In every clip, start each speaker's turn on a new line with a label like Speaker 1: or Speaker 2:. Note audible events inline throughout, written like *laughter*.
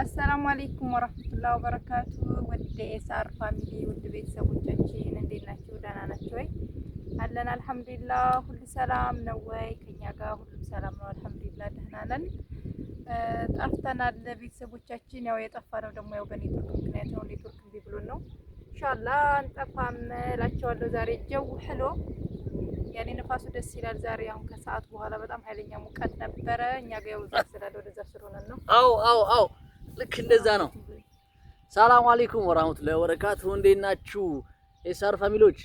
Speaker 1: አሰላሙ አሌይኩም ወራህመቱላሂ ወበረካቱ። ውድ የሳር ፋሚሊ ውድ ቤተሰቦቻችን እንዴት ናችሁ? ደህና ናችሁ ወይ? አለን አልሐምዱሊላህ። ሁሉ ሰላም ነው ወይ? ከኛ ጋር ሁሉም ሰላም ነው አልሐምዱሊላህ፣ ደህና ነን። ጠፍተናል ቤተሰቦቻችን። ያው የጠፋ ነው ደግሞ ያው በኔትወርክ ምክንያት ነው። ኔትወርክ እምቢ ብሎን ነው። ኢንሻአላህ አንጠፋም እላቸዋለሁ። ዛሬ ጀው ሕሎ ያኔ ነፋሱ ደስ ይላል። ዛሬ አሁን ከሰዓት በኋላ በጣም ኃይለኛ ሙቀት ነበረ። እኛ ጋር ያው እዛ ስላለ ወደዛ ስለሆነ ነው።
Speaker 2: አዎ አዎ አዎ ልክ እንደዛ ነው። ሰላም አለይኩም ወራህመቱላሂ ወበረካቱ። እንዴት ናችሁ? ኤሳር ፋሚሊዎች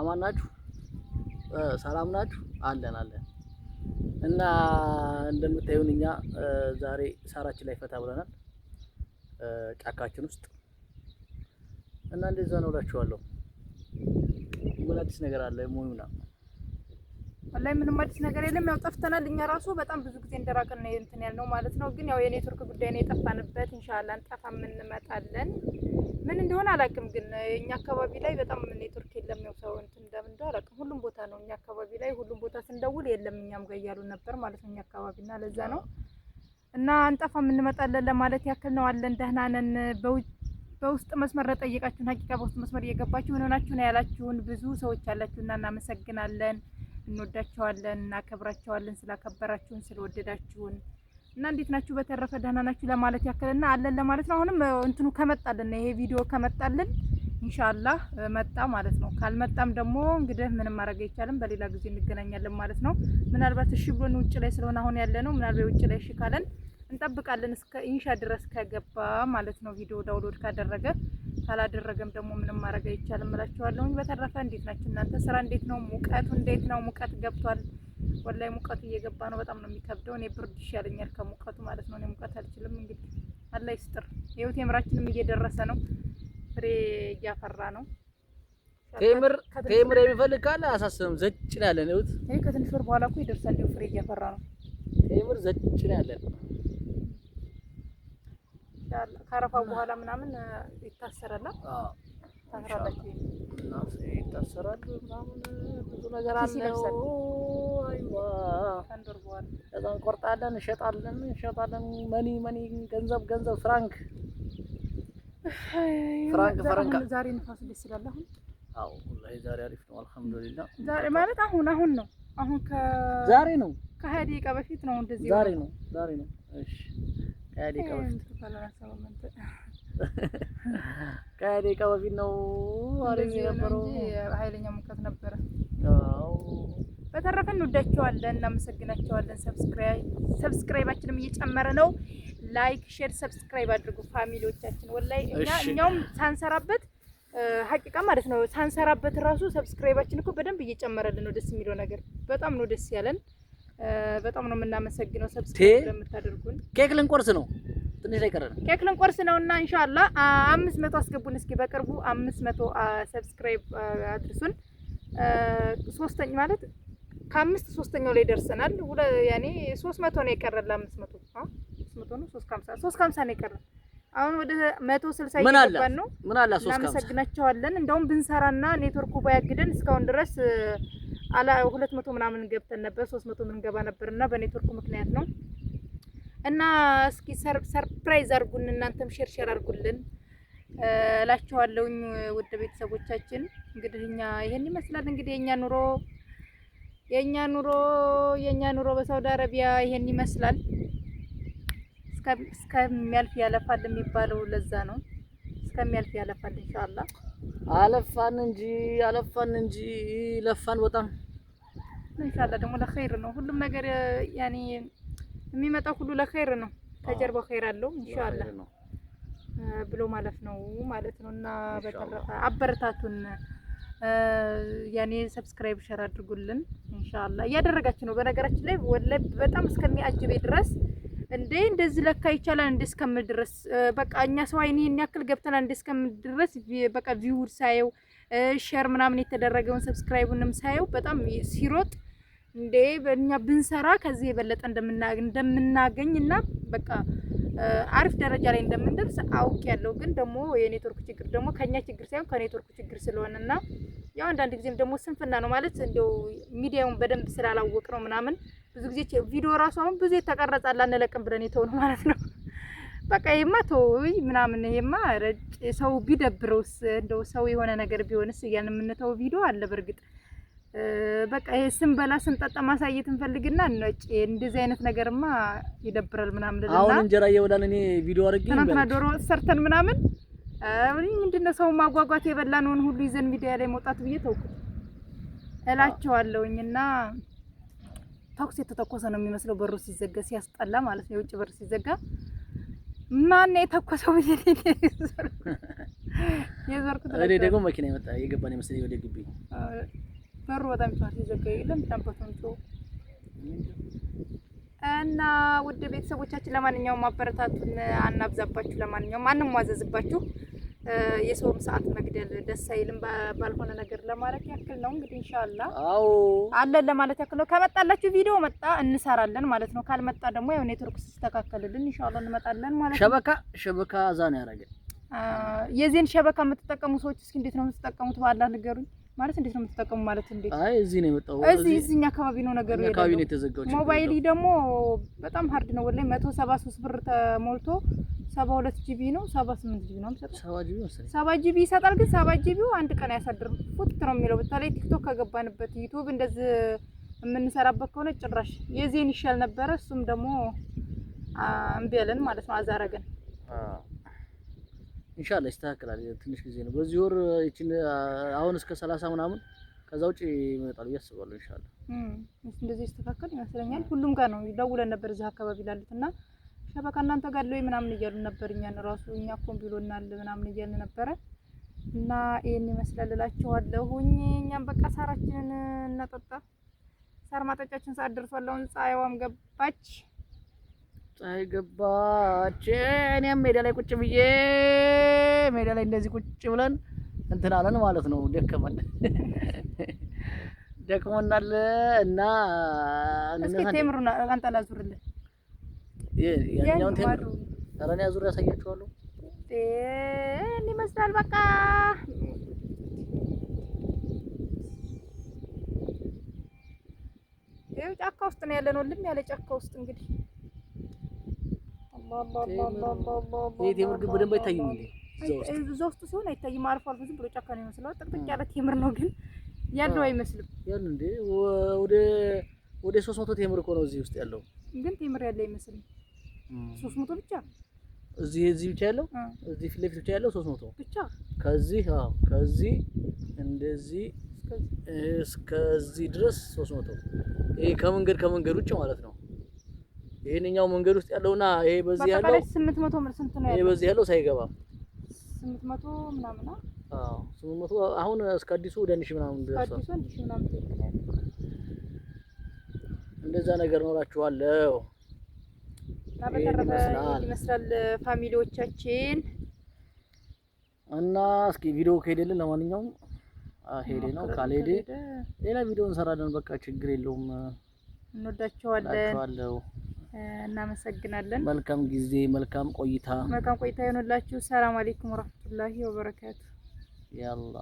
Speaker 2: አማን ናችሁ? ሰላም ናችሁ? አለን አለን። እና እንደምታዩን እኛ ዛሬ ሳራችን ላይ ፈታ ብለናል፣ ጫካችን ውስጥ እና እንደዛ ነው እላችኋለሁ። ምን አዲስ ነገር አለ ሞዩና
Speaker 1: ወላሂ ምንም አዲስ ነገር የለም። ያው ጠፍተናል። እኛ ራሱ በጣም ብዙ ጊዜ እንደራቅን ነው እንትን ያልነው ማለት ነው። ግን ያው የኔትወርክ ጉዳይ ነው የጠፋንበት። ኢንሻአላህ እንጠፋም እንመጣለን። ምን እንደሆነ አላውቅም። ግን እኛ አካባቢ ላይ በጣም ኔትወርክ የለም። ያው ሰው እንትን እንደምን እንደው አላውቅም። ሁሉም ቦታ ነው እኛ አካባቢ ላይ ሁሉም ቦታ ስንደውል የለም እኛም ጋር እያሉ ነበር ማለት ነው እኛ አካባቢና ለዛ ነው እና እንጠፋም እንመጣለን ለማለት ያክል ነው። አለን ደህና ነን። በውስጥ መስመር ለጠየቃችሁን ሀቂቃ በውስጥ መስመር እየገባችሁ ምን ሆናችሁ ነው ያላችሁን ብዙ ሰዎች አላችሁና እናመሰግናለን። እንወዳቸዋለን፣ እናከብራቸዋለን። ስላከበራችሁን፣ ስለወደዳችሁን እና እንዴት ናችሁ? በተረፈ ደህና ናችሁ ለማለት ያክልና አለን ለማለት ነው። አሁንም እንትኑ ከመጣልን ይሄ ቪዲዮ ከመጣልን ኢንሻአላህ መጣ ማለት ነው። ካልመጣም ደግሞ እንግዲህ ምንም ማድረግ አይቻልም። በሌላ ጊዜ እንገናኛለን ማለት ነው። ምናልባት እሺ ብሎን ውጭ ላይ ስለሆነ አሁን ያለ ነው። ምናልባት ውጭ ላይ እሺ ካለን እንጠብቃለን እስከ ኢንሻ ድረስ ከገባ ማለት ነው። ቪዲዮ ዳውንሎድ ካደረገ ካላደረገም ደግሞ ምንም ማድረግ አይቻልም እላችኋለሁ። በተረፈ እንዴት ናችሁ እናንተ? ስራ እንዴት ነው? ሙቀቱ እንዴት ነው? ሙቀት ገብቷል። ወላይ ሙቀቱ እየገባ ነው። በጣም ነው የሚከብደው። እኔ ብርድ ይሻለኛል ከሙቀቱ ማለት ነው። እኔ ሙቀት አልችልም። እንግዲህ አላህ ይስጥር። ይኸው ቴምራችንም እየደረሰ ነው። ፍሬ እያፈራ ነው። ቴምር ቴምር የሚፈልግ
Speaker 2: ካለ አሳስብም ዘጭ ነው ያለን። ይኸው
Speaker 1: ከትንሽ ወር በኋላ እኮ ይደርሳል። ፍሬ እያፈራ ነው። ቴምር ዘጭ ነው ያለን። ኢንሻአላ ካረፋ በኋላ ምናምን ይታሰራል ይታሰራል ምናምን
Speaker 2: ብዙ ነገር አለው። ከንዶር በኋላ ከዛ እንቆርጣለን፣ እንሸጣለን እንሸጣለን። መኒ መኒ ገንዘብ ገንዘብ ፍራንክ
Speaker 1: ዛሬ ንፋሱ ደስ ይላል። አሁን
Speaker 2: አዎ ወላሂ ዛሬ አሪፍ ነው። አልሐምዱሊላህ ዛሬ
Speaker 1: ማለት አሁን አሁን ነው አሁን ከ ነው ከሀያ ደቂቃ በፊት ነው እንደዚህ ዛሬ ነው
Speaker 2: ዛሬ ነው። እሺ *laughs* ከደቂቃ በፊት ነው አሪፍ የነበረው።
Speaker 1: ኃይለኛ ሙቀት ነበረ። አዎ በተረፈ እንወዳቸዋለን፣ እናመሰግናቸዋለን። ሰብስክራይባችንም እየጨመረ ነው። ላይክ፣ ሼር፣ ሰብስክራይብ አድርጉ ፋሚሊዎቻችን። ወላሂ እኛ እኛውም ሳንሰራበት ሀቂቃ ማለት ነው ሳንሰራበት ራሱ ሰብስክራይባችን እኮ በደንብ እየጨመረልን ነው። ደስ የሚለው ነገር በጣም ነው ደስ ያለን። በጣም ነው የምናመሰግነው። ሰብስክራይብ ለምታደርጉን
Speaker 2: ኬክ ልንቆርስ ነው ትንሽ ላይ ቀረን።
Speaker 1: ኬክ ልንቆርስ ነው እና ኢንሻአላ አምስት መቶ አስገቡን እስኪ በቅርቡ አምስት መቶ ሰብስክራይብ አድርሱን። ሶስተኛ ማለት ከአምስት ሶስተኛው ላይ ደርሰናል። ሁለ ያኔ 300 ነው የቀረን ለአምስት መቶ አሁን 300 ነው 350 350 ነው የቀረን አሁን ወደ 160 ይገባን ነው። ምን አላ 350 እናመሰግናቸዋለን። እንደውም ብንሰራና ኔትወርኩ ባያግደን እስካሁን ድረስ አላ ሁለት መቶ ምናምን ገብተን ነበር፣ ሶስት መቶ ገባ ነበር እና በኔትወርኩ ምክንያት ነው። እና እስኪ ሰርፕራይዝ አድርጉን እናንተም ሸርሸር አርጉልን አድርጉልን እላችኋለሁኝ ውድ ቤተሰቦቻችን። እንግዲህ እኛ ይሄን ይመስላል እንግዲህ የኛ ኑሮ የኛ ኑሮ የኛ ኑሮ በሳውዲ አረቢያ ይሄን ይመስላል። እስከሚያልፍ ያለፋል የሚባለው ለዛ ነው። እስከሚያልፍ ያለፋል ኢንሻአላህ። አለፋን እንጂ አለፋን እንጂ ለፋን በጣም ኢንሻአላህ። ደግሞ ለኸይር ነው ሁሉም ነገር ያኔ የሚመጣው ሁሉ ለኸይር ነው። ከጀርባው ኸይር አለው ኢንሻአላህ ብሎ ማለፍ ነው ማለት ነው። እና በተረፈ አበረታቱን፣ ያኔ ሰብስክራይብ ሸር አድርጉልን ኢንሻአላህ። እያደረጋችሁ ነው በነገራችን ላይ ወለ በጣም እስከሚያጅቤ ድረስ እንዴ እንደዚህ ለካ ይቻላል እንደ እስከምል ድረስ በቃ እኛ ሰው አይኔ ይሄን ያክል ገብተናል እንደ እስከምል ድረስ በቃ ቪውድ ሳየው ሼር ምናምን የተደረገውን ሰብስክራይቡንም ሳየው በጣም ሲሮጥ እንዴ በእኛ ብንሰራ ከዚህ የበለጠ እንደምናገኝ እና በቃ አሪፍ ደረጃ ላይ እንደምንደርስ አውቅ ያለው ግን ደግሞ የኔትወርክ ችግር ደግሞ ከኛ ችግር ሳይሆን ከኔትወርክ ችግር ስለሆነና ያው አንዳንድ ጊዜም ደግሞ ስንፍና ነው ማለት እንደው ሚዲያውን በደንብ ስላላወቅ ነው ምናምን ብዙ ጊዜ ቪዲዮ ራሱ አሁን ብዙ የተቀረጻል አንለቅም ብለን የተውነው ማለት ነው። *laughs* በቃ ይሄማ ተውይ ምናምን ይሄማ ረጭ ሰው ቢደብረውስ እንደው ሰው የሆነ ነገር ቢሆንስ እያልን የምንተው ቪዲዮ አለ። በእርግጥ በቃ ይሄ ስንበላ ስንጠጣ ማሳየት እንፈልግና ነጭ እንደዚህ አይነት ነገርማ ይደብራል ምናምን ለና አሁን እንጀራ
Speaker 2: እየበላን እኔ ቪዲዮ አድርጌ ትናንትና ዶሮ
Speaker 1: ሰርተን ምናምን ምንድን ነው ሰው ማጓጓት የበላነውን ሁሉ ይዘን ሚዲያ ላይ መውጣት ብዬ ተውኩት እላቸዋለሁኝና ተኩስ የተተኮሰ ነው የሚመስለው በሩ ሲዘጋ ሲያስጠላ ማለት ነው። የውጭ በር ሲዘጋ ማን ነው የተኮሰው ብዬ የዞርኩት። እኔ ደግሞ
Speaker 2: መኪና የመጣ የገባ ነው መሰለኝ ወደ ግቢ።
Speaker 1: በሩ በጣም ጨዋታ ሲዘጋ የለም ታንበቶንቶ እና ውድ ቤተሰቦቻችን፣ ለማንኛውም ማበረታቱን አናብዛባችሁ። ለማንኛውም አንሟዘዝባችሁ። የሰውም ሰዓት መግደል ደስ አይልም። ባልሆነ ነገር ለማለት ያክል ነው እንግዲህ ኢንሻአላህ። አዎ አለን ለማለት ያክል ነው። ከመጣላችሁ ቪዲዮ መጣ እንሰራለን ማለት ነው። ካልመጣ ደግሞ ያው ኔትወርክ ሲስተካከልልን ኢንሻአላህ እንመጣለን ማለት ነው። ሸበካ
Speaker 2: ሸበካ አዛን ያረገ
Speaker 1: የዚህን ሸበካ የምትጠቀሙ ሰዎች እስኪ እንዴት ነው የምትጠቀሙት? ባላ ንገሩኝ። ማለት እንዴት ነው የምትጠቀሙ? ማለት እንዴት? አይ እዚህ ነው የመጣው። እዚህ እዚህኛ አካባቢ ነው ነገሩ። ሞባይል ደግሞ በጣም ሀርድ ነው ወላሂ 173 ብር ተሞልቶ ሰባ ሁለት ጂቢ ነው፣ ሰባ ስምንት ጂቢ ነው። ሰባ ጂቢ ይሰጣል። ግን ሰባ ጂቢው አንድ ቀን አያሳድርም። ፉት ነው የሚለው። በተለይ ቲክቶክ ከገባንበት ዩቱብ እንደዚህ የምንሰራበት ከሆነ ጭራሽ የዜን ይሻል ነበረ። እሱም ደግሞ እምቢ አለን ማለት ነው። አዛረገን
Speaker 2: ኢንሻአላ ይስተካከላል። ትንሽ ጊዜ ነው። በዚህ ወር እቺን አሁን እስከ ሰላሳ ምናምን ከዛ ውጪ ይመጣል ብዬ አስባለሁ። ኢንሻአላ
Speaker 1: እንደዚህ ይስተካከል ይመስለኛል። ሁሉም ጋር ነው ደውለን ነበር እዚህ አካባቢ ላሉት እና ሸበካ እናንተ ጋር ወይ ምናምን እያሉ ነበር። እኛን ራሱ እኛ ኮም ብሎናል ምናምን እያሉ ነበረ እና ይሄን ይመስላል እላችኋለሁኝ። እኛም በቃ ሳራችንን እናጠጣ። ሳር ማጠጫችን ሰዓት ደርሷል። አሁን ፀሐይዋም ገባች፣
Speaker 2: ፀሐይ ገባች። እኔም ሜዳ ላይ ቁጭ ብዬ ሜዳ ላይ እንደዚህ ቁጭ ብለን እንትን አለን ማለት ነው። ደከመን ደክሞናል እና እስኪ
Speaker 1: ቴምሩን አንጠላ ዙርልን
Speaker 2: ያኛውን ቴምር አራኔ አዙር ያሳያችኋለሁ።
Speaker 1: እን ይመስላል በቃ ይኸው ጫካ ውስጥ ነው ያለነው፣ ልም ያለ ጫካ ውስጥ እንግዲህ ቴምር ግን በደንብ አይታይም እዛ ውስጥ ሲሆን አይታይም። አልፎ አልፎ ዝም ብሎ ጫካ ነው የሚመስለው። ጥቅጥቅ ያለ ቴምር ነው ግን ያለው አይመስልም።
Speaker 2: ያለው እንዴ? ወደ ሶስት መቶ ቴምር እኮ ነው እዚህ ውስጥ ያለው፣
Speaker 1: ግን ቴምር ያለ አይመስልም። ሶስት መቶ ብቻ
Speaker 2: እዚህ እዚህ ብቻ ያለው እዚህ ፊት ለፊት ብቻ ያለው ሶስት መቶ ብቻ ከዚህ አዎ ከዚህ እንደዚህ እስከዚህ ድረስ ሶስት መቶ ይሄ ከመንገድ ከመንገድ ውጭ ማለት ነው። ይሄንኛው መንገድ ውስጥ ያለውና ይሄ በዚህ ያለው ስምንት
Speaker 1: መቶ ምን ስንት ነው ይሄ በዚህ ያለው ሳይገባ ስምንት መቶ ምናምን
Speaker 2: አዎ ስምንት መቶ አሁን እስከ አዲሱ ወደ አንድ ሺህ ምናምን ድረስ እንደዛ ነገር ኖራችኋለሁ።
Speaker 1: በተረፈ ይመስላል ፋሚሊዎቻችን
Speaker 2: እና እስኪ ቪዲዮ ከሄደልን ለማንኛውም ሄዴ ነው ካልሄደ ሌላ ቪዲዮ እንሰራለን። በቃ ችግር የለውም።
Speaker 1: እንወዳቸዋለን፣ እናመሰግናለን።
Speaker 2: መልካም ጊዜ፣ መልካም ቆይታ፣
Speaker 1: መልካም ቆይታ ይሆንላችሁ። ሰላም አለይኩም ወራህመቱላሂ ወበረካቱ።
Speaker 2: ያላ